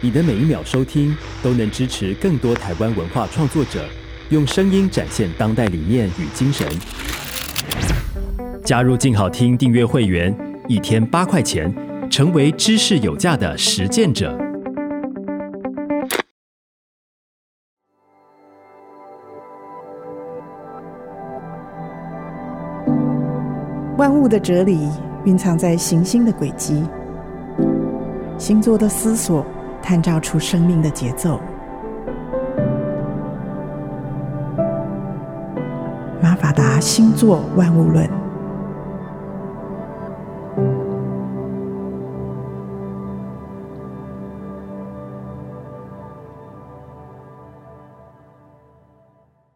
你的每一秒收聽，都能支持更多台灣文化創作者，用聲音展現當代理念與精神。加入鏡好聽訂閱會員，一天八塊錢，成為知識有價的實踐者。萬物的哲理蘊藏在行星的軌跡、星座的思索。探照出生命的節奏，《馬法達星座萬物論》。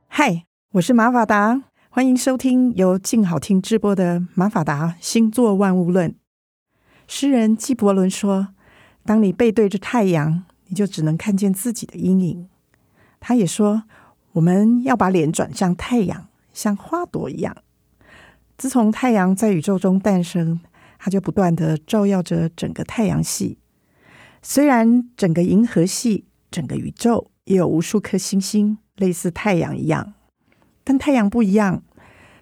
嗨，我是馬法達，歡迎收聽由靜好聽直播的《馬法達星座萬物論》。詩人紀伯倫說。當你背對着太陽，你就只能看見自己的陰影。他也說：“我們要把臉轉向太陽，像花朵一樣。自從太陽在宇宙中誕生，它就不斷地照耀着整個太陽系。雖然整個銀河系、整個宇宙也有無數顆星星，類似太陽一樣，但太陽不一樣，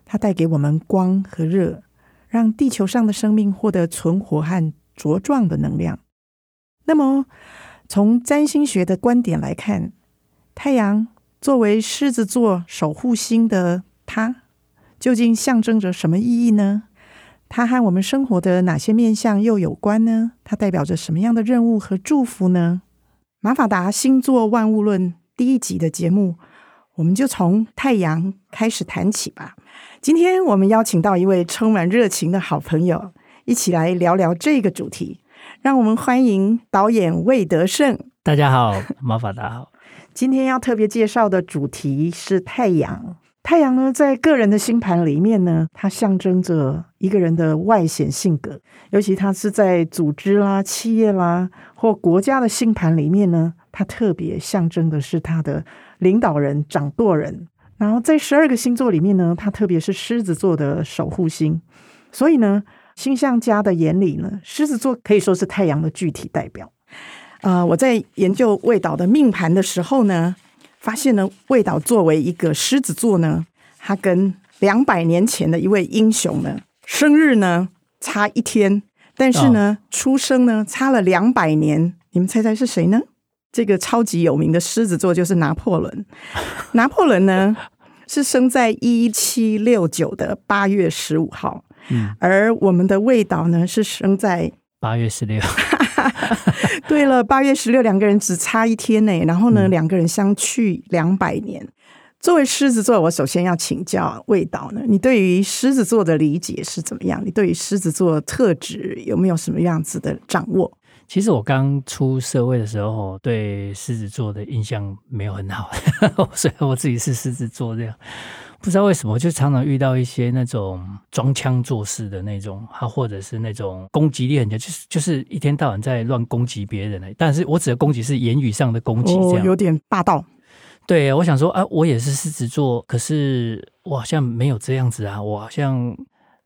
它帶給我們光和熱，讓地球上的生命獲得存活和茁壯的能量。”那麼，從占星學的觀點來看，太陽作為獅子座守護星的它，究竟象徵着什麼意義呢？它和我們生活的哪些面向又有關呢？它代表着什麼樣的任務和祝福呢？瑪法達星座萬物論第一集的節目，我們就從太陽開始談起吧。今天我們邀請到一位充滿熱情的好朋友，一起來聊聊這個主題。讓我們歡迎導演魏德聖。大家好，瑪法達大家好。 今天要特別介紹的主題是太陽。太陽呢，在個人的星盤裡面呢，它象徵着一個人的外顯性格；尤其它是在組織啦、企業啦或國家的星盤裡面呢，它特別象徵的是他的領導人、掌舵人。然後在十二個星座裡面呢，它特別是獅子座的守護星。所以呢。星象家的眼裡呢，獅子座可以說是太陽的具體代表。啊、呃，我在研究魏導的命盤的時候呢，發現呢，魏導作為一個獅子座呢，他跟兩百年前的一位英雄呢，生日呢差一天，但是呢，哦、出生呢差了兩百年。你們猜猜是誰呢？這個超級有名的獅子座就是拿破崙。 拿破崙呢，是生在一七六九的八月十五號。嗯、而我們的魏導呢，是生在八月十六。 對了，八月十六，兩個人只差一天呢、欸。然後呢，嗯、兩個人相去兩百年。作為獅子座，我首先要請教、啊、魏導呢，你對於獅子座的理解是怎麼樣？你對於獅子座的特質有沒有什麼樣子的掌握？其實我剛出社會的時候，對獅子座的印象沒有很好， 所以我自己是獅子座這樣。不知道為什麼，就常常遇到一些那種裝腔作勢的那種，啊或者是那種攻擊力很強，就是就是一天到晚在亂攻擊別人，但是我指的攻擊是言語上的攻擊，這樣有點霸道。對，我想說啊，我也是獅子座，可是我好像沒有這樣子啊，我好像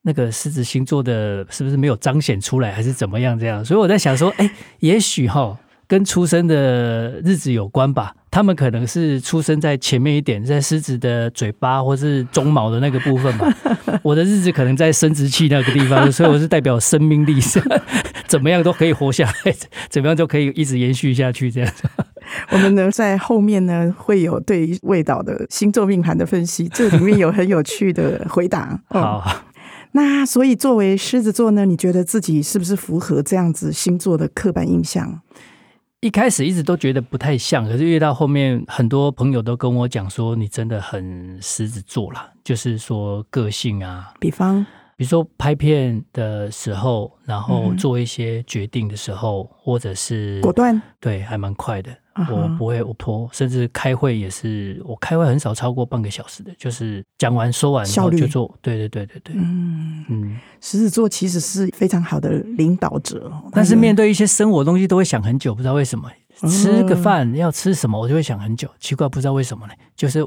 那個獅子星座的，是不是沒有彰顯出來，還是怎麼樣這樣？所以我在想說，哎、欸， 也許哈。跟出生的日子有關吧，他們可能是出生在前面一點，在獅子的嘴巴或是鬃毛的那個部分吧。 我的日子可能在生殖器那個地方，所以我是代表生命力， 怎麼樣都可以活下來，怎麼樣就可以一直延續下去。這樣子，我們呢在後面呢，會有對於魏導的星座命盤的分析，這裡面有很有趣的回答。好，那所以作為獅子座呢，你覺得自己是不是符合這樣子星座的刻板印象？一開始一直都覺得不太像，可是越到後面，很多朋友都跟我講說，你真的很獅子座啦，就是說個性啊，比方，比如說拍片的時候，然後做一些決定的時候，嗯、或者是果斷，對，還蠻快的。Uh huh. 我不會，我拖，甚至開會也是，我開會很少超過半個小時的，就是講完、說完然後就做。對效率對對對對，嗯嗯，獅子、嗯、座其實是非常好的領導者，但是，但是面對一些生活東西都會想很久，不知道為什麼，嗯、吃個飯要吃什麼，我就會想很久，奇怪，不知道為什麼呢，就是。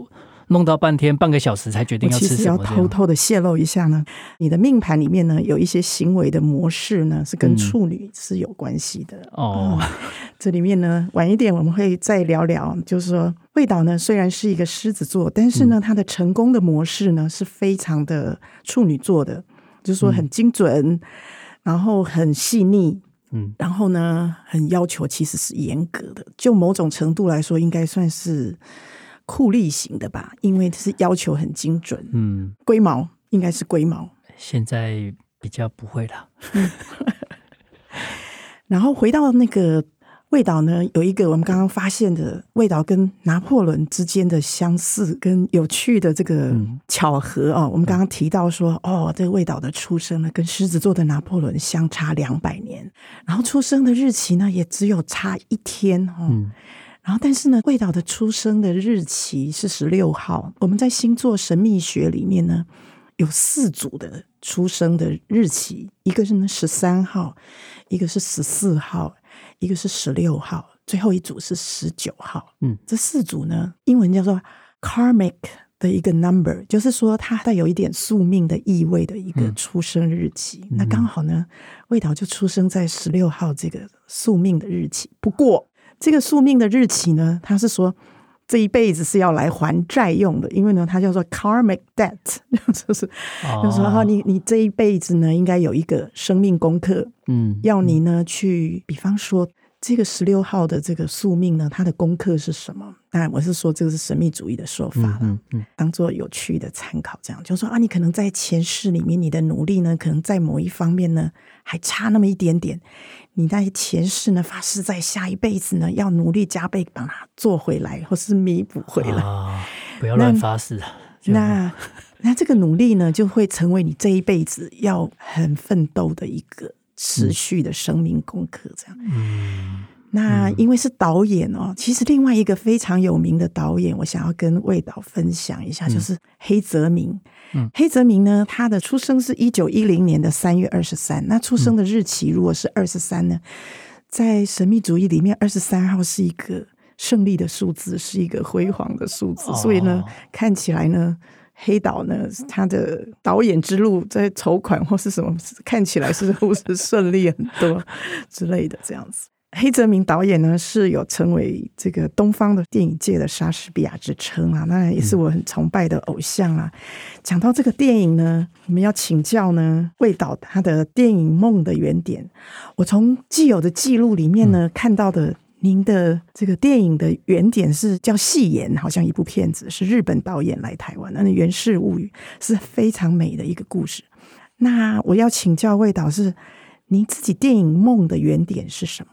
弄到半天半個小時才決定要吃什麼。其實要偷偷的泄露一下呢，你的命盤裡面呢有一些行為的模式呢是跟處女是有關係的哦、嗯呃。這裡面呢晚一點我們會再聊聊，就是說魏導呢雖然是一個獅子座，但是呢他、嗯、的成功的模式呢是非常的處女座的，就是說很精準，嗯、然後很細膩，嗯，然後呢很要求其實是嚴格的，就某種程度來說應該算是。酷吏型的吧，因為這是要求很精準。嗯，龜毛應該是龜毛。現在比較不會了。 然後回到那個魏導呢，有一個我們剛剛發現的魏導跟拿破崙之間的相似跟有趣的這個巧合、哦嗯、我們剛剛提到說，嗯、哦，這個魏導的出生呢，跟獅子座的拿破崙相差兩百年，然後出生的日期呢，也只有差一天哦。嗯然後，但是呢，魏導的出生的日期是十六號。我們在星座神秘學裡面呢，有四組的出生的日期，一個是呢十三號，一個是十四號，一個是十六號，最後一組是十九號。嗯，這四組呢，英文叫做 karmic 的一個 number，就是說它帶有一點宿命的意味的一個出生日期。嗯，那剛好呢，魏導就出生在十六號這個宿命的日期。不過，這個宿命的日期呢，他是說這一輩子是要來還債用的，因為呢，他叫做 karmic debt，就是就是說哈、哦啊，你你這一輩子呢，應該有一個生命功課，嗯，要你呢去，比方說。這個十六號的這個宿命呢，它的功課是什麼？當然，我是說這個是神秘主義的說法了，嗯嗯嗯、當做有趣的參考，這樣就是說啊，你可能在前世裡面，你的努力呢，可能在某一方面呢還差那麼一點點，你在前世呢發誓在下一輩子呢要努力加倍把它做回來，或是彌補回來。啊、不要亂發誓啊！那就那，那這個努力呢，就會成為你這一輩子要很奮鬥的一個。持續的生命功課，這樣。嗯嗯、那因為是導演哦，其實另外一個非常有名的導演，我想要跟魏導分享一下，嗯、就是黑澤明。嗯、黑澤明呢，他的出生是一九一零年的三月二十三。那出生的日期如果是二十三呢？嗯、在神秘主義裡面，二十三號是一個勝利的數字，是一個輝煌的數字，哦、所以呢，看起來呢。黑導呢，他的導演之路在籌款或是什麼，看起來似乎是順利很多 之類的這樣子。黑澤明導演呢，是有成為這個東方的電影界的莎士比亞之稱啊，當然也是我很崇拜的偶像啊。講、嗯、到這個電影呢，我們要請教呢，魏導他的電影夢的原點。我從既有的記錄裡面呢看到的、嗯。您的這個電影的原點是叫《戲言》，好像一部片子是日本導演來台灣，那《源氏物語》是非常美的一個故事。那我要請教魏導是，您自己電影夢的原點是什麼？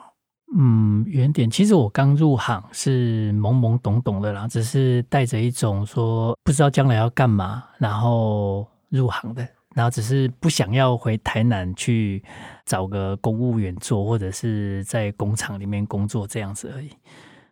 嗯，原點其實我剛入行是懵懵懂懂的啦，只是帶着一種說不知道將來要幹嘛，然後入行的。然後只是不想要回台南去找個公務員做，或者是在工廠裡面工作這樣子而已。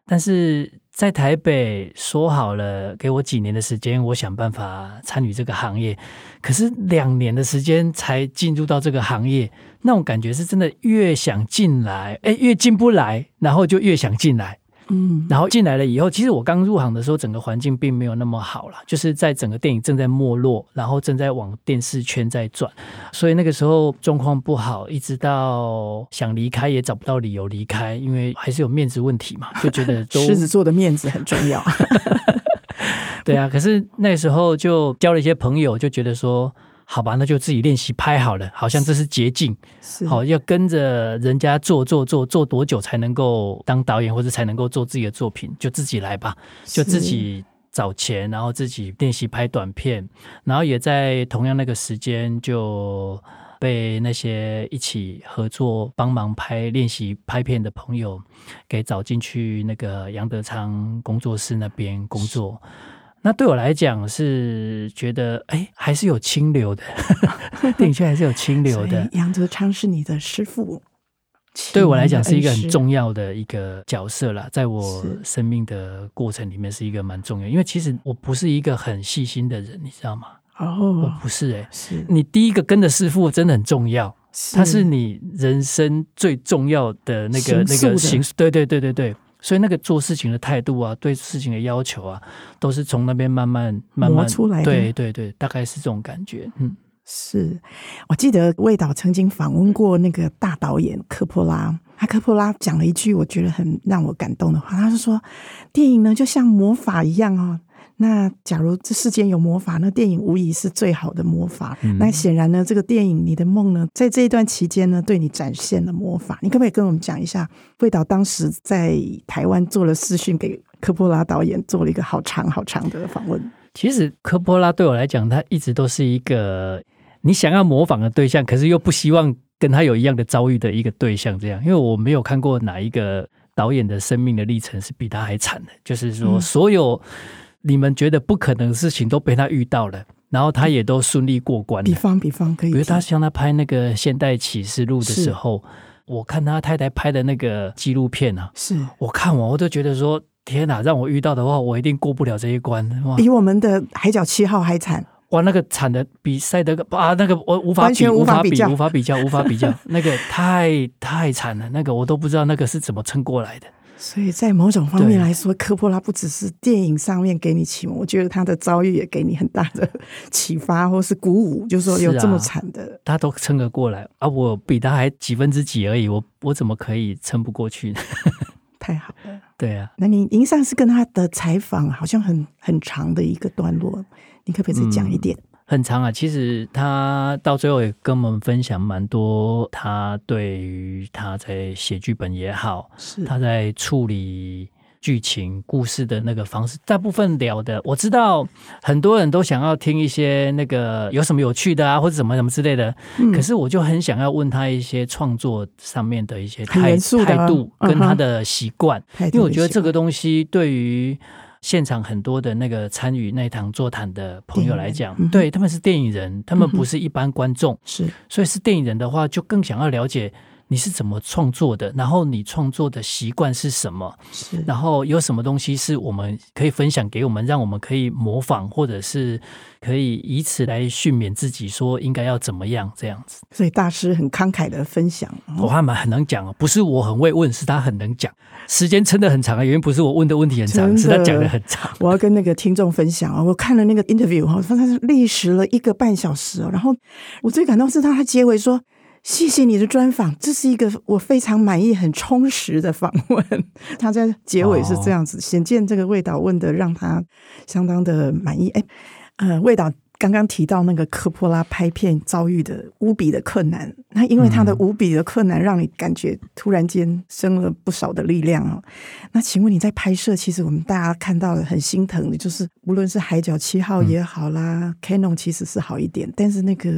但是在台北說好了給我幾年的時間，我想辦法參與這個行業。可是兩年的時間才進入到這個行業，那種感覺是真的越想進來，誒，越進不來，然後就越想進來。嗯，然後進來了以後，其實我剛入行的時候，整個環境並沒有那麼好了，就是在整個電影正在沒落，然後正在往電視圈在轉，所以那個時候狀況不好，一直到想離開也找不到理由離開，因為還是有面子問題嘛，就覺得都獅 子座的面子很重要。 對啊，可是那時候就交了一些朋友，就覺得說。好吧，那就自己練習拍好了。好像這是捷徑，是好、哦、要跟着人家做做做做多久才能夠當導演，或者才能夠做自己的作品，就自己來吧，就自己找錢，然後自己練習拍短片，然後也在同樣那個時間就被那些一起合作幫忙拍練習拍片的朋友給找進去那個楊德昌工作室那邊工作。那對我來講是覺得，哎，還是有清流的，的確還是有清流的。 楊德昌是你的師父，對我來講是一個很重要的一個角色啦。在我生命的過程裡面是一個蠻重要的。是因為其實我不是一個很細心的人，你知道嗎？哦，oh, 我不是哎、欸，是你第一個跟着師父真的很重要，是他是你人生最重要的那個的那個形式，對對對對對。所以那個做事情的態度啊，對事情的要求啊，都是從那邊慢慢慢慢磨出來的。對對對，大概是這種感覺。嗯，是我記得魏導曾經訪問過那個大導演科波拉，他科波拉講了一句我覺得很讓我感動的話，他是說：“電影呢就像魔法一樣哦。”那假如這世間有魔法，那電影無疑是最好的魔法。嗯、那顯然呢，這個電影你的夢呢，在這一段期間呢，對你展現了魔法。你可不可以跟我們講一下，魏導當時在台灣做了視訊，給科波拉導演做了一個好長好長的訪問？其實科波拉對我來講，他一直都是一個你想要模仿的對象，可是又不希望跟他有一樣的遭遇的一個對象。這樣，因為我沒有看過哪一個導演的生命的歷程是比他還慘的，就是說所有、嗯。你們覺得不可能的事情都被他遇到了，然後他也都順利過關了。比。比方比方可以，比如他像他拍那個《現代啟示錄》的時候，是我看他太太拍的那個紀錄片啊，是我看完我都覺得說天哪，讓我遇到的話，我一定過不了這一關。哇比我們的海角七號還慘哇！那個慘的比賽德啊，那個我無法比，無法比，無法比較，無法比較， 那個太，太慘了，那個我都不知道那個是怎麼撐過來的。所以在某種方面來說，啊、科波拉不只是電影上面給你啟蒙，我覺得他的遭遇也給你很大的啟發，或是鼓舞。就是說，有這麼慘的、啊，他都撐得過來啊！我比他還幾分之幾而已，我我怎麼可以撐不過去呢？ 太好了，對啊。那你您上次跟他的採訪好像很很長的一個段落，你可不可以再講一點？嗯很長啊，其實他到最後也跟我們分享蠻多，他對於他在寫劇本也好，是他在處理劇情故事的那個方式。大部分聊的，我知道很多人都想要聽一些那個有什麼有趣的啊，或者怎麼怎麼之類的。嗯、可是我就很想要問他一些創作上面的一些態、啊、態度跟他的習慣，uh huh、因為我覺得這個東西對於。現場很多的那個參與那一堂座談的朋友來講，嗯、對他們是電影人，他們不是一般觀眾，嗯、是，所以是電影人的話，就更想要了解。你是怎麼創作的？然後你創作的習慣是什麼？是然後有什麼東西是我們可以分享給我們，讓我們可以模仿，或者是可以以此來訓勉自己，說應該要怎麼樣這樣子。所以大師很慷慨的分享，嗯、我看嘛很能講哦，不是我很會問，是他很能講。時間撐的很長啊，因為不是我問的問題很長，的是他講的很長。我要跟那個聽眾分享啊，我看了那個 interview 好像他是歷時了一個半小時哦，然後我最感動是他，他結尾說。謝謝你的專訪，這是一個我非常滿意、很充實的訪問。他在結尾是這樣子，顯、哦、見這個魏導問的讓他相當的滿意。哎，呃，魏導剛剛提到那個科波拉拍片遭遇的無比的困難，那因為他的無比的困難，讓你感覺突然間生了不少的力量哦。嗯、那請問你在拍攝，其實我們大家看到的很心疼的就是，無論是海角七號也好啦、嗯、，KANO 其實是好一點，但是那個。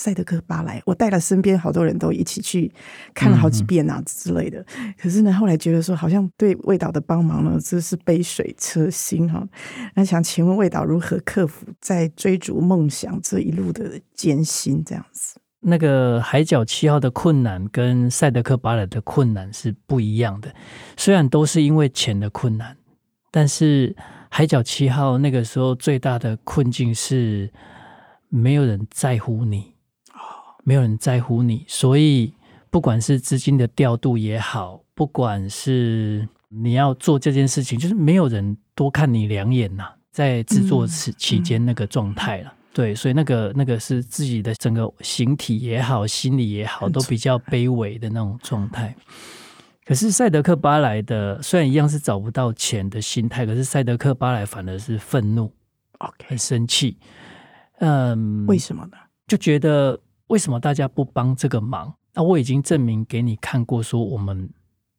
《賽德克·巴萊》，我帶了身邊好多人都一起去看了好幾遍啊之類的。嗯、哼可是呢，後來覺得說，好像對魏導的幫忙呢，只是杯水車薪哈、啊。那想請問魏導，如何克服在追逐夢想這一路的艱辛？這樣子，那個《海角七號》的困難跟《賽德克·巴萊》的困難是不一樣的。雖然都是因為錢的困難，但是《海角七號》那個時候最大的困境是沒有人在乎你。沒有人在乎你，所以不管是資金的調度也好，不管是你要做這件事情，就是沒有人多看你兩眼吶、啊。在製作期期間那個狀態了，嗯嗯、對，所以那個那個是自己的整個形體也好，心理也好，都比較卑微的那種狀態。嗯、可是賽德克巴萊的雖然一樣是找不到錢的心態，可是賽德克巴萊反而是憤怒，OK，很生氣。嗯，為什麼呢？就覺得。為什麼大家不幫這個忙？那、啊、我已經證明給你看過，說我們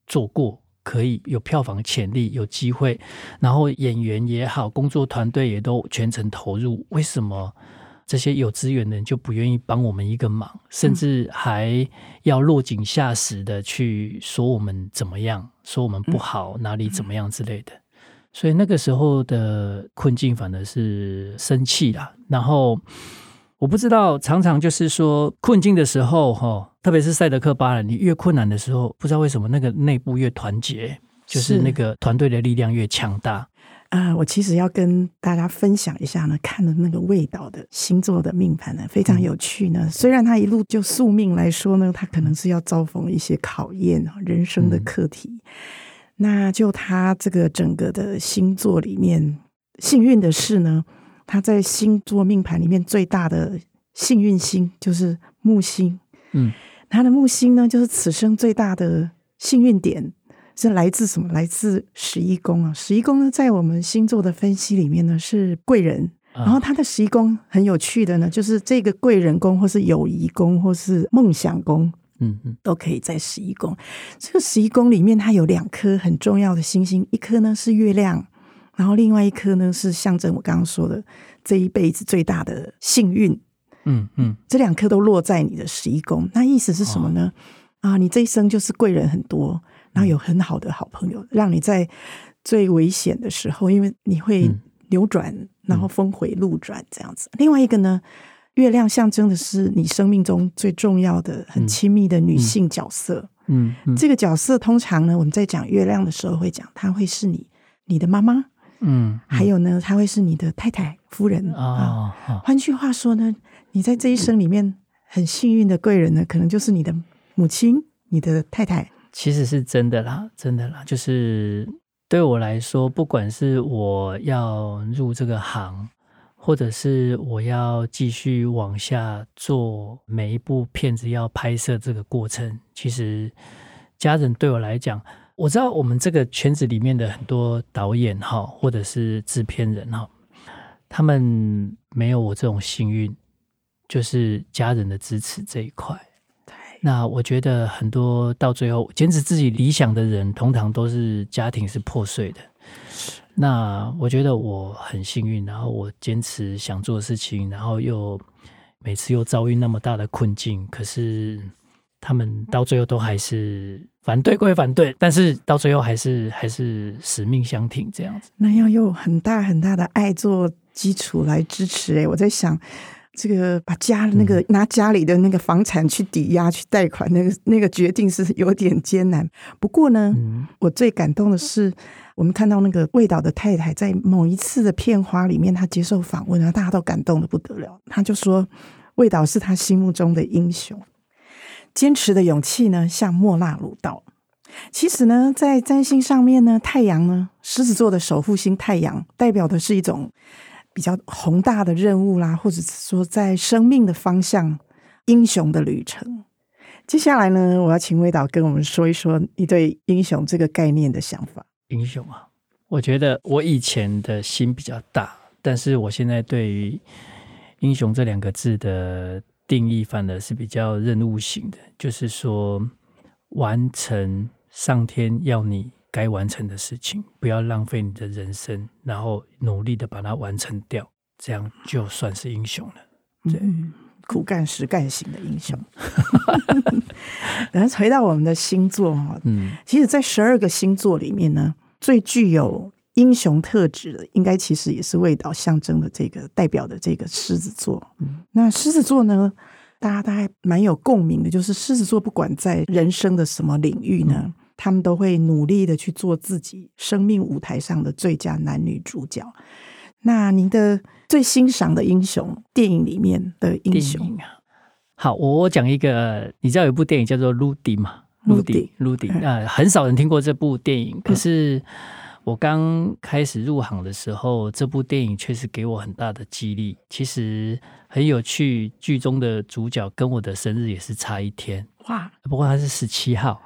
做過，可以有票房潛力，有機會。然後演員也好，工作團隊也都全程投入。為什麼這些有資源的人就不願意幫我們一個忙？甚至還要落井下石的去說我們怎麼樣，說我們不好，嗯、哪裡怎麼樣之類的。所以那個時候的困境反而是生氣了，然後。我不知道，常常就是說，困境的時候，哈，特別是賽德克巴萊，你越困難的時候，不知道為什麼那個內部越團結，就是那個團隊的力量越強大。啊、呃，我其實要跟大家分享一下呢，看了那個魏導的星座的命盤呢，非常有趣呢。嗯、雖然他一路就宿命來說呢，他可能是要遭逢一些考驗啊，人生的課題。嗯、那就他這個整個的星座裡面，幸運的是呢。他在星座命盤裡面最大的幸運星就是木星，嗯，他的木星呢，就是此生最大的幸運點，是來自什麼？來自十一宮啊！十一宮呢，在我們星座的分析裡面呢，是貴人。啊、然後他的十一宮很有趣的呢，就是這個貴人宮，或是友誼宮，或是夢想宮，嗯嗯，都可以在十一宮。這個十一宮裡面，它有兩顆很重要的星星，一顆呢是月亮。然後另外一顆呢，是象徵我剛剛說的這一輩子最大的幸運，嗯嗯，嗯，這兩顆都落在你的十一宮，那意思是什麼呢？哦、啊，你這一生就是貴人很多，嗯、然後有很好的好朋友，讓你在最危險的時候，因為你會扭轉，嗯、然後峰回路轉這樣子。另外一個呢，月亮象徵的是你生命中最重要的、很親密的女性角色，嗯，嗯嗯，這個角色通常呢，我們在講月亮的時候會講，她會是你你的媽媽。嗯，嗯還有呢，他會是你的太太夫人啊。哦哦哦、換句話說呢，你在這一生裡面很幸運的貴人呢，嗯、可能就是你的母親、你的太太。其實是真的啦，真的啦。就是對我來說，不管是我要入這個行，或者是我要繼續往下做每一部片子要拍攝這個過程，其實家人對我來講。我知道我們這個圈子裡面的很多導演哈，或者是制片人哈，他們沒有我這種幸運，就是家人的支持這一塊。那我覺得很多到最後堅持自己理想的人，通常都是家庭是破碎的。那我覺得我很幸運，然後我堅持想做的事情，然後又每次又遭遇那麼大的困境，可是。他們到最後都還是反對歸反對，但是到最後還是還是使命相挺這樣子。那要有很大很大的愛做基礎來支持，欸。哎，我在想，這個把家的那個、嗯、拿家裡的那個房產去抵押去貸款，那個那個決定是有點艱難。不過呢，嗯、我最感動的是，我們看到那個魏導的太太在某一次的片花裡面，她接受訪問，然後大家都感動得不得了。她就說，魏導是她心目中的英雄。堅持的勇氣呢，像莫那魯道。其實呢，在占星上面呢，太陽呢，獅子座的守護星，太陽代表的是一種比較宏大的任務啦，或者是說在生命的方向，英雄的旅程。接下來呢，我要請魏導跟我們說一說，你對英雄這個概念的想法。英雄啊，我覺得我以前的心比較大，但是我現在對於英雄這兩個字的定義反而是比較任務型的，就是說完成上天要你該完成的事情，不要浪費你的人生，然後努力的把它完成掉，這樣就算是英雄了。對、嗯、苦幹實幹型的英雄。然後 回到我們的星座哈，嗯，其實，在十二個星座裡面呢，最具有。英雄特質的，應該其實也是味道象徵的這個代表的這個獅子座。嗯、那獅子座呢，大家都還蠻有共鳴的，就是獅子座不管在人生的什麼領域呢，嗯、他們都會努力的去做自己生命舞台上的最佳男女主角。那您的最欣賞的英雄電影裡面的英雄？好，我講一個，你知道有一部電影叫做《魯迪》嗎？《魯迪》，《魯迪》很少人聽過這部電影，可是。嗯我剛開始入行的時候，這部電影確實給我很大的激勵。其實很有趣，劇中的主角跟我的生日也是差一天。哇！不過他是十七號，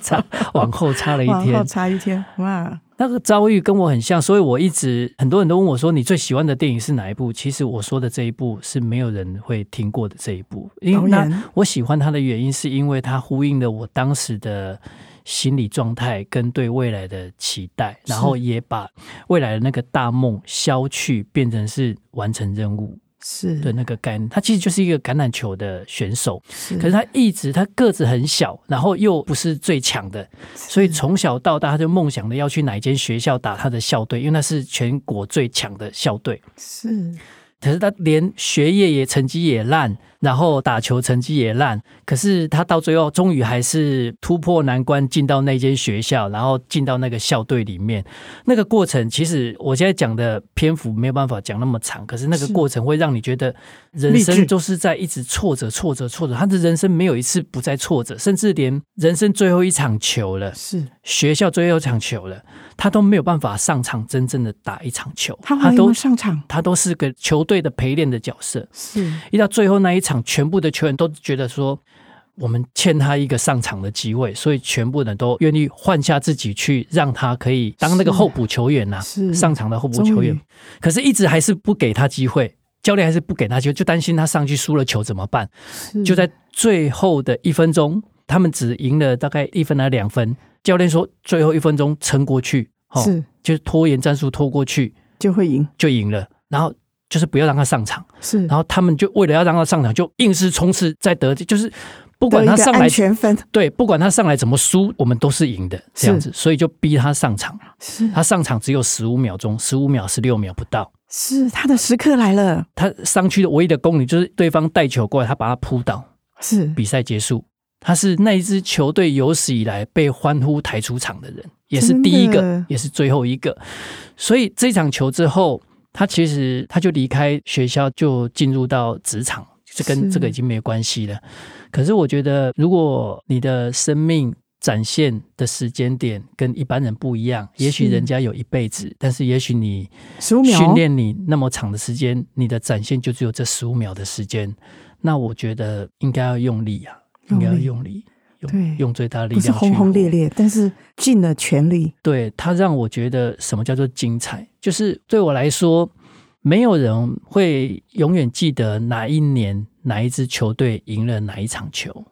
差、哦、 往後差了一天，往後差一天哇！那個遭遇跟我很像，所以我一直很多人都問我說：“你最喜歡的電影是哪一部？”其實我說的這一部是沒有人會聽過的這一部，因為我喜歡它的原因是因為它呼應了我當時的。心理狀態跟對未來的期待，然後也把未來的那個大夢消去，變成是完成任務是的那個概念。他其實就是一個橄欖球的選手，是可是他一直他個子很小，然後又不是最強的，是所以從小到大他就夢想着要去哪一間學校打他的校隊，因為那是全國最強的校隊。是，可是他連學業也成績也爛。然後打球成績也爛，可是他到最後終於還是突破難關，進到那間學校，然後進到那個校隊裡面。那個過程其實我現在講的篇幅沒有辦法講那麼長，可是那個過程會讓你覺得人生就是在一直挫折、挫折、挫折。他的人生沒有一次不在挫折，甚至連人生最後一場球了，是學校最後一場球了，他都沒有辦法上場真正的打一場球。他都沒有上場，他都是個球隊的陪練的角色。是，一到最後那一場。全部的球員都覺得說，我們欠他一個上場的機會，所以全部人都願意換下自己去，讓他可以當那個候補球員吶、啊，是是上場的候補球員。於可是，一直還是不給他機會，教練還是不給他機會，就擔心他上去輸了球怎麼辦？是就在最後的一分鐘，他們只贏了大概一分還兩分。教練說，最後一分鐘撐過去，是就拖延戰術拖過去就會贏，就贏了。然後。就是不要讓他上場，是。然後他們就為了要讓他上場，就硬是衝刺在得，就是不管他上來，安全分，對，不管他上來怎麼輸，我們都是贏的這樣子，是所以就逼他上場。是，他上場只有十五秒鐘，十五秒、十六秒不到。是他的時刻來了。他上去的唯一的功績就是對方帶球過來，他把他撲倒。是，比賽結束，他是那一支球隊有史以來被歡呼抬出場的人，也是第一個，的也是最後一個。所以這場球之後。他其實他就離開學校，就進入到職場，這跟這個已經沒有關係了。是，可是我覺得，如果你的生命展現的時間點跟一般人不一樣，也許人家有一輩子，是但是也許你訓練你那麼長的時間，15秒？你的展現就只有這十五秒的時間。那我覺得應該要用力啊，應該要用力。用力對，用最大的力量，是轟轟烈烈，但是盡了全力。對，他讓我覺得什麼叫做精彩，就是對我來說，沒有人會永遠記得哪一年哪一支球隊贏了哪一場球，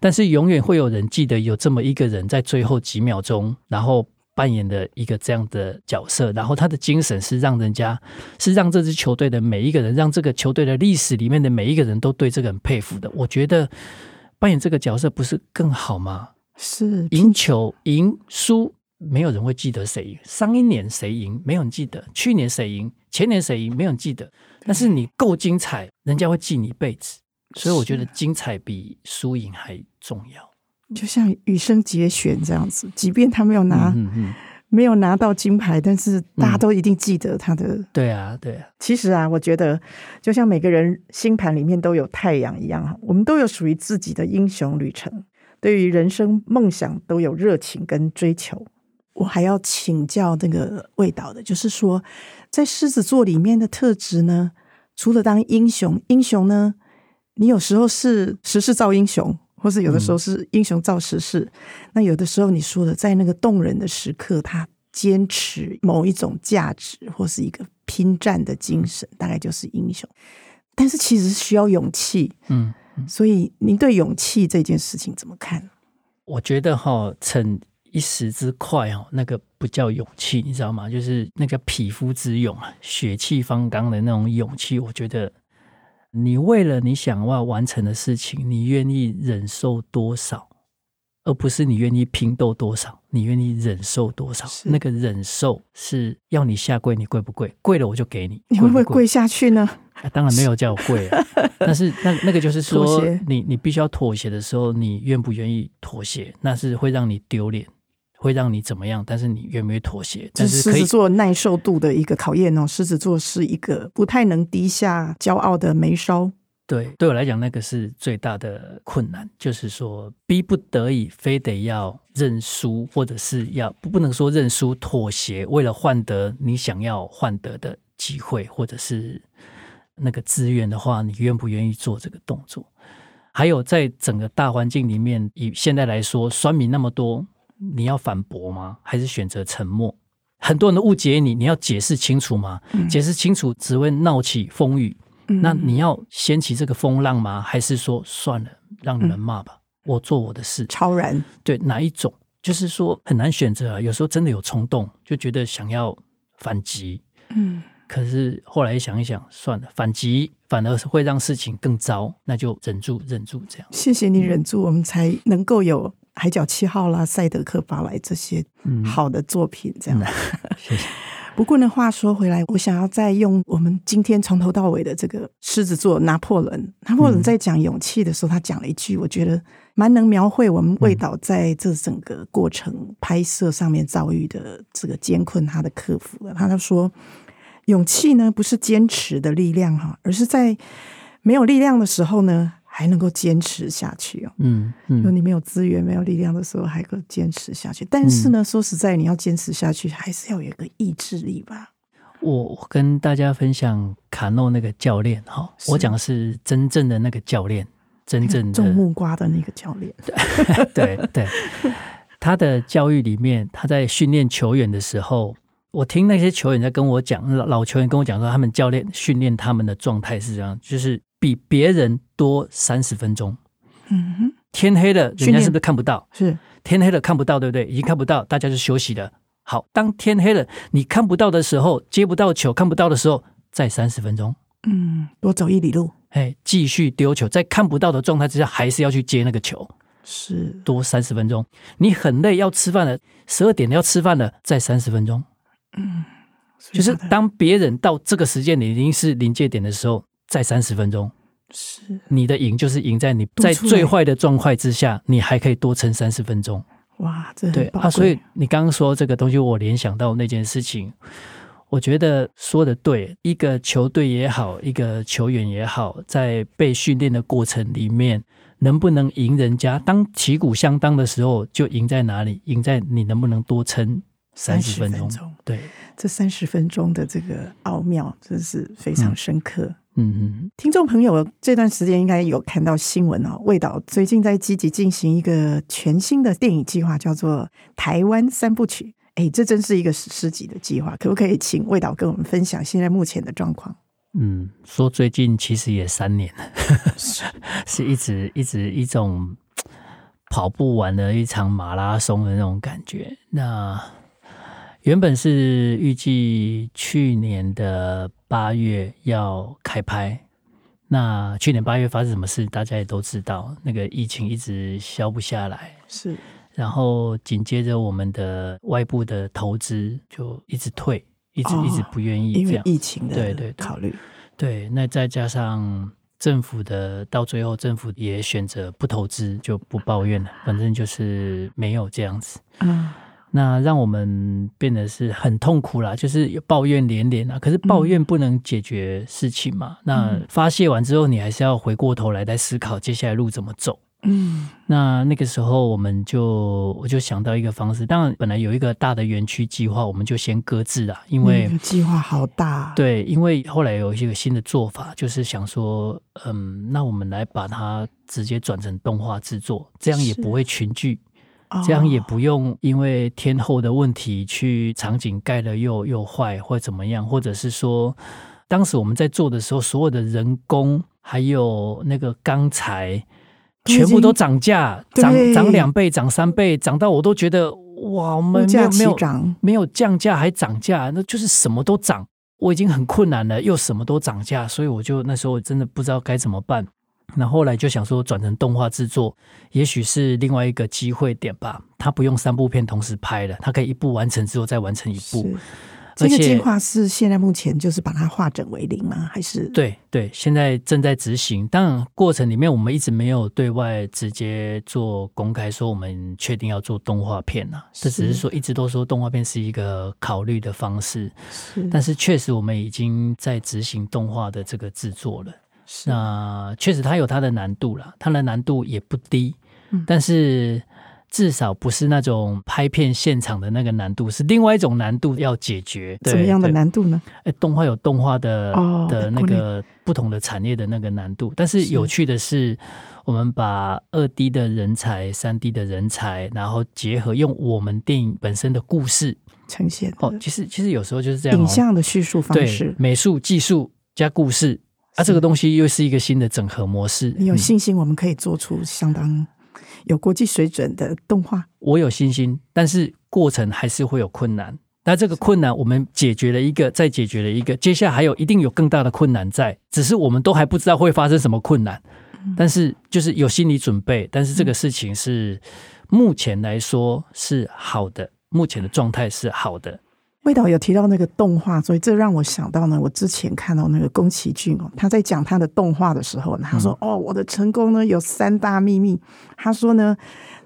但是永遠會有人記得有這麼一個人在最後幾秒鐘，然後扮演了一個這樣的角色，然後他的精神是讓人家、是讓這支球隊的每一個人，讓這個球隊的歷史裡面的每一個人都對這個很佩服的。我覺得。扮演這個角色不是更好嗎？是贏球贏輸，沒有人會記得誰贏。上一年誰贏，沒有人記得；去年誰贏，前年誰贏，沒有人記得。但是你夠精彩，人家會記你一輩子。所以我覺得精彩比輸贏還重要。啊、就像羽生結弦這樣子，即便他沒有拿、嗯哼哼。沒有拿到金牌，但是大家都一定記得他的。嗯、對啊，對啊。其實啊，我覺得就像每個人星盤裡面都有太陽一樣，哈，我們都有屬於自己的英雄旅程，對於人生夢想都有熱情跟追求。我還要請教那個魏導的，就是說，在獅子座裡面的特質呢，除了當英雄，英雄呢，你有時候是時勢造英雄或是有的時候是英雄造時勢，嗯、那有的時候你說的在那個動人的時刻，他堅持某一種價值或是一個拼戰的精神，嗯、大概就是英雄。但是其實是需要勇氣，嗯，所以您對勇氣這件事情怎麼看？我覺得哈，逞一時之快哦，那個不叫勇氣，你知道嗎？就是那個匹夫之勇啊，血氣方剛的那種勇氣，我覺得。你為了你想要完成的事情，你願意忍受多少，而不是你願意拼鬥多少，你願意忍受多少？是那個忍受是要你下跪你跪不跪，你跪不跪？跪了我就給你。跪不跪你會不會跪下去呢？啊、當然沒有叫我跪，啊，是 但是那個、那個就是說，協你你必須要妥協的時候，你願不願意妥協？那是會讓你丟臉。會讓你怎麼樣？但是你願不願意妥協？這是可以獅子座耐受度的一個考驗哦。獅子座是一個不太能低下驕傲的眉梢。對，對我來講，那個是最大的困難，就是說逼不得已，非得要認輸，或者是要不，不能說認輸妥協，為了換得你想要換得的機會，或者是那個資源的話，你願不願意做這個動作？還有，在整個大環境裡面，以現在來說，酸民那麼多。你要反駁嗎？還是選擇沉默？很多人都誤解你，你要解釋清楚嗎？嗯、解釋清楚只會鬧起風雨。嗯、那你要掀起這個風浪嗎？還是說算了，讓你們罵吧，嗯、我做我的事。超然對哪一種？就是說很難選擇啊。有時候真的有衝動，就覺得想要反擊。嗯，可是後來想一想，算了，反擊反而是會讓事情更糟，那就忍住，忍住這樣。謝謝你忍住，嗯、我們才能夠有。海角七號啦，賽德克巴萊這些好的作品，這樣。謝、嗯、 不過呢，話說回來，我想要再用我們今天從頭到尾的這個獅子座拿破崙，拿破崙在講勇氣的時候，他講了一句，我覺得蠻能描繪我們魏導在這整個過程拍攝上面遭遇的這個艱困，他的克服了。他就說，勇氣呢不是堅持的力量哈，而是在沒有力量的時候呢，還能夠堅持下去哦，嗯，嗯、如果你沒有資源、沒有力量的時候，還能夠堅持下去。但是呢，嗯、說實在，你要堅持下去，還是要有一個意志力吧。我跟大家分享卡諾那個教練哈，是我講的是真正的那個教練，真正的種木瓜的那個教練。 對對，他的教育裡面，他在訓練球員的時候，我聽那些球員在跟我講，老球員跟我講說，他們教練訓練他們的狀態是這樣，就是。比別人多三十分鐘，嗯，天黑了，人家是不是看不到？是天黑了看不到，對不對？已經看不到，大家就休息了。好，當天黑了，你看不到的時候，接不到球，看不到的時候，再三十分鐘，嗯，多走一里路，哎，繼續丟球，在看不到的狀態之下，還是要去接那個球，是多三十分鐘。你很累，要吃飯了，十二點要吃飯了，再三十分鐘，嗯，就是當別人到這個時間，你已經是臨界點的時候。在三十分鐘，是、啊、你的贏就是贏在你在最壞的狀況之下，你還可以多撐三十分鐘。哇，這對啊！所以你剛剛說這個東西，我聯想到那件事情，我覺得說的對。一個球隊也好，一個球員也好，在被訓練的過程裡面，能不能贏人家？當旗鼓相當的時候，就贏在哪裡？贏在你能不能多撐三十分鐘？30分鐘。對，這三十分鐘的這個奧妙，真是非常深刻。嗯嗯，聽眾朋友這段時間應該有看到新聞哦，魏導最近在積極進行一個全新的電影計劃，叫做《台灣三部曲》。哎，這真是一個史詩級的計劃，可不可以請魏導跟我們分享現在目前的狀況？嗯，說最近其實也三年了，是 是一直一直一種跑不完的一場馬拉松的那種感覺。那原本是預計去年的八月要開拍，那去年八月發生什麼事，大家也都知道，那個疫情一直消不下來。是。然後緊接着我們的外部的投資就一直退，一直一直不願意，這樣、哦、因為疫情的對對考慮。對，對，對，那再加上政府的，到最後政府也選擇不投資，就不抱怨了，反正就是沒有這樣子。嗯。那讓我們變得是很痛苦啦，就是有抱怨連連啊。可是抱怨不能解決事情嘛。嗯、那發洩完之後，你還是要回過頭來再思考接下來路怎麼走。嗯，那那個時候我們就我就想到一個方式，當然本來有一個大的園區計劃，我們就先擱置了，因為、嗯、計劃好大。對，因為後來有一些個新的做法，就是想說，嗯，那我們來把它直接轉成動畫制作，這樣也不會群聚。這樣也不用因為天候的問題去場景蓋了又又壞或者怎麼樣，或者是說，當時我們在做的時候，所有的人工還有那個鋼材，全部都漲價，對漲漲兩倍，漲三倍，漲到我都覺得哇，我們沒有沒有沒有降價還漲價，那就是什麼都漲，我已經很困難了，又什麼都漲價，所以我就那時候我真的不知道該怎麼辦。那後來就想說，轉成動畫製作，也許是另外一個機會點吧。它不用三部片同時拍了，它可以一部完成之後再完成一部。是而且這個計劃是現在目前就是把它化整為零嗎？還是？對對，現在正在執行。當然，過程裡面我們一直沒有對外直接做公開說我們確定要做動畫片了，啊。這是只是說一直都說動畫片是一個考慮的方式。是，但是確實我們已經在執行動畫的這個製作了。那確是、呃、實，它有它的難度了，它的難度也不低，嗯、但是至少不是那種拍片現場的那個難度，是另外一種難度要解決。什麼樣的難度呢？哎、欸，動畫有動畫的、哦、的那個不同的產業的那個難度，嗯、但是有趣的是，是我們把二 D 的人才、三 D 的人才，然後結合用我們電影本身的故事呈現。哦、喔，其實其實有時候就是這樣，影像的敘述方式，對，美術技術加故事。它，啊，這個東西又是一個新的整合模式。你有信心我們可以做出相當有國際水準的動畫？嗯，我有信心，但是過程還是會有困難。那這個困難我們解決了一個，再解決了一個，接下來還有一定有更大的困難在。只是我們都還不知道會發生什麼困難，但是就是有心理準備。但是這個事情是目前來說是好的，目前的狀態是好的。魏導有提到那個動畫，所以這讓我想到呢，我之前看到那個宮崎駿哦，他在講他的動畫的時候，他說：“哦，我的成功呢，有三大秘密。”他說呢，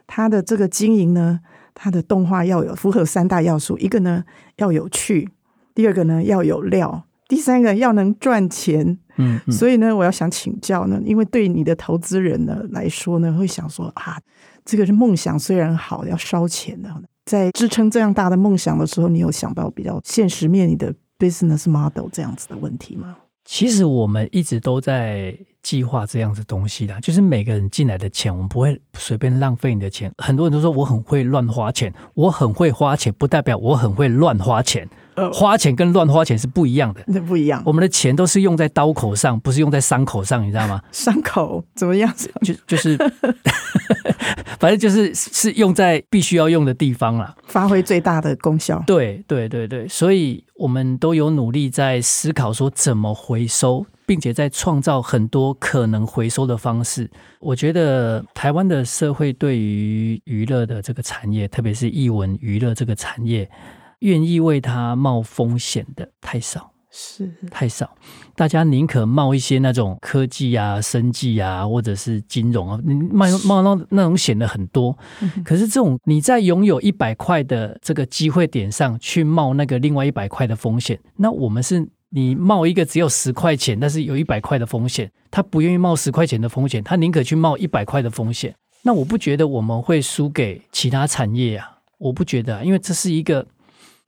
他的這個經營呢，他的動畫要有符合三大要素：一個呢要有趣，第二個呢要有料，第三個要能賺錢嗯。嗯，所以呢，我要想請教呢，因為對你的投資人呢來說呢，會想說啊，這個是夢想雖然好，要燒錢的。在支撐這樣大的夢想的時候，你有想到比較現實面的 business model 這樣子的問題嗎？其實我們一直都在計劃這樣子東西的，就是每個人進來的錢，我們不會隨便浪費你的錢。很多人都說我很會亂花錢，我很會花錢，不代表我很會亂花錢。呃，花錢跟亂花錢是不一樣的，那不一樣。我們的錢都是用在刀口上，不是用在傷口上，你知道嗎？傷口怎麼樣子？就就是， 反正就是是用在必須要用的地方了，發揮最大的功效。對對對對，所以我們都有努力在思考說怎麼回收，並且在創造很多可能回收的方式。我覺得台灣的社會對於娛樂的這個產業，特別是藝文娛樂這個產業。願意為他冒風險的太少，是太少。大家寧可冒一些那種科技啊、生技啊，或者是金融啊，冒冒那是那種險的很多。嗯、哼可是這種你在擁有一百塊的這個機會點上去冒那個另外一百塊的風險，那我們是你冒一個只有十塊錢，但是有一百塊的風險，他不願意冒十塊錢的風險，他寧可去冒一百塊的風險。那我不覺得我們會輸給其他產業啊，我不覺得啊，因為這是一個。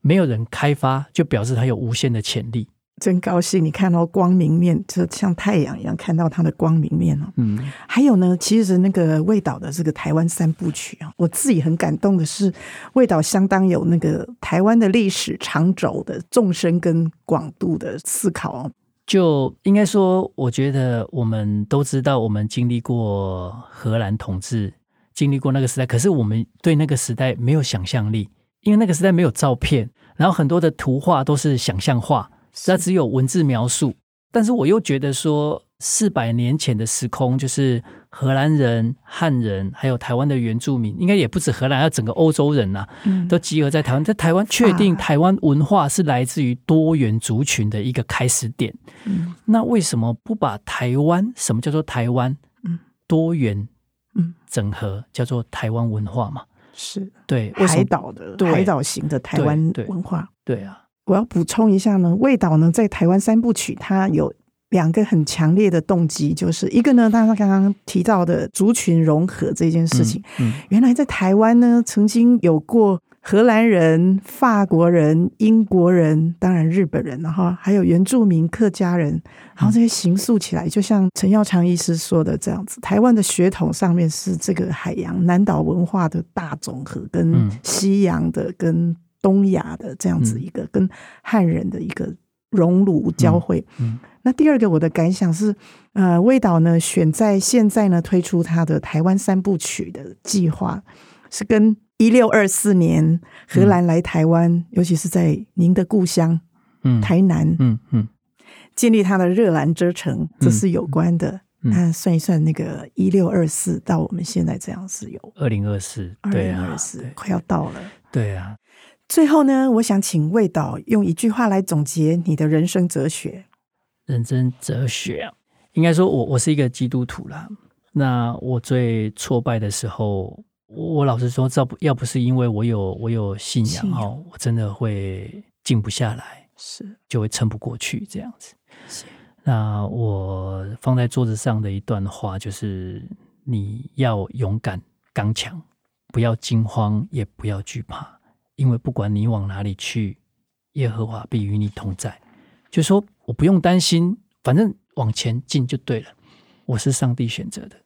沒有人開發，就表示它有無限的潛力。真高興你看到光明面，就像太陽一樣，看到它的光明面了。嗯，還有呢，其實那個魏導的這個台灣三部曲啊，我自己很感動的是，魏導相當有那個台灣的歷史長軸的縱深跟廣度的思考。就應該說，我覺得我們都知道，我們經歷過荷蘭統治，經歷過那個時代，可是我們對那個時代沒有想象力。因為那個時代沒有照片，然後很多的圖畫都是想象畫，那只、只有文字描述。是，但是我又覺得說，四百年前的時空，就是荷蘭人、漢人，還有台灣的原住民，應該也不止荷蘭，還有整個歐洲人吶、啊，嗯、都集合在台灣。在台灣，確定台灣文化是來自於多元族群的一個開始點。啊、那為什麼不把台灣什麼叫做台灣？嗯，多元，嗯，整合叫做台灣文化嘛？是對海島的對海島型的台灣文化。對，對，對啊，我要補充一下呢，魏導呢在台灣三部曲，它有兩個很強烈的動機，就是一個呢，大家剛剛提到的族群融合這件事情。嗯，嗯，原來在台灣呢，曾經有過。荷蘭人、法國人、英國人，當然日本人，然後還有原住民、客家人，然後這些形塑起來，就像陳耀昌醫師說的這樣子，台灣的血統上面是這個海洋南島文化的大總和，跟西洋的、跟東亞的這樣子一個，嗯、跟漢人的一個熔爐交匯。嗯嗯、那第二個我的感想是，呃，魏導呢選在現在呢推出他的台灣三部曲的計劃，是跟。一六二四年，荷蘭來台灣，嗯、尤其是在您的故鄉，嗯、台南，嗯嗯，嗯建立他的熱蘭遮城，這是有關的。嗯嗯、那算一算，那個一六二四到我們現在這樣是有二零二四，二零二四快要到了。對，對啊，最後呢，我想請魏導用一句話來總結你的人生哲學。人生哲學，應該說我我是一個基督徒啦。那我最挫敗的時候。我老實說，要不，要不是因為我有我有信仰，哦，信仰，我真的會靜不下來，是就會撐不過去這樣子。是，那我放在桌子上的一段話就是：你要勇敢剛強，不要驚慌，也不要懼怕，因為不管你往哪裡去，耶和華必與你同在。就說我不用擔心，反正往前進就對了。我是上帝選擇的。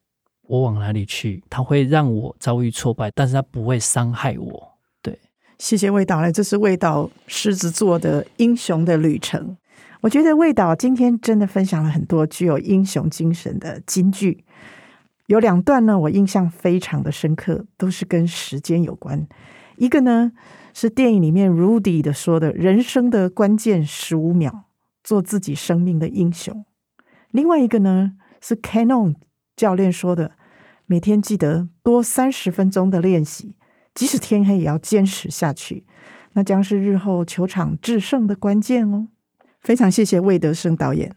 我往哪裡去？他會讓我遭遇挫敗，但是他不會傷害我。對，謝謝魏導，來，這是魏導獅子座的英雄的旅程。我覺得魏導今天真的分享了很多具有英雄精神的金句，有兩段呢，我印象非常的深刻，都是跟時間有關。一個呢是電影裡面 Rudy 的說的“人生的關鍵十五秒，做自己生命的英雄”。另外一個呢是 Canon 教練說的。每天記得多三十分鐘的練習，即使天黑也要堅持下去，那將是日後球場制勝的關鍵哦。非常謝謝魏德聖導演，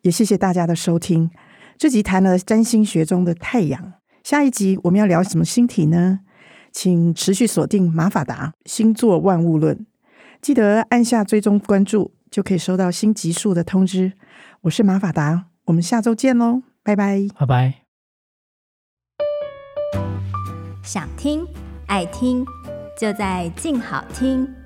也謝謝大家的收聽。這集談了占星學中的太陽，下一集我們要聊什麼星體呢？請持續鎖定瑪法達星座萬物論，記得按下追蹤關注，就可以收到新集數的通知。我是瑪法達，我們下週見嘍，拜拜，拜拜。想聽、愛聽，就在鏡好聽。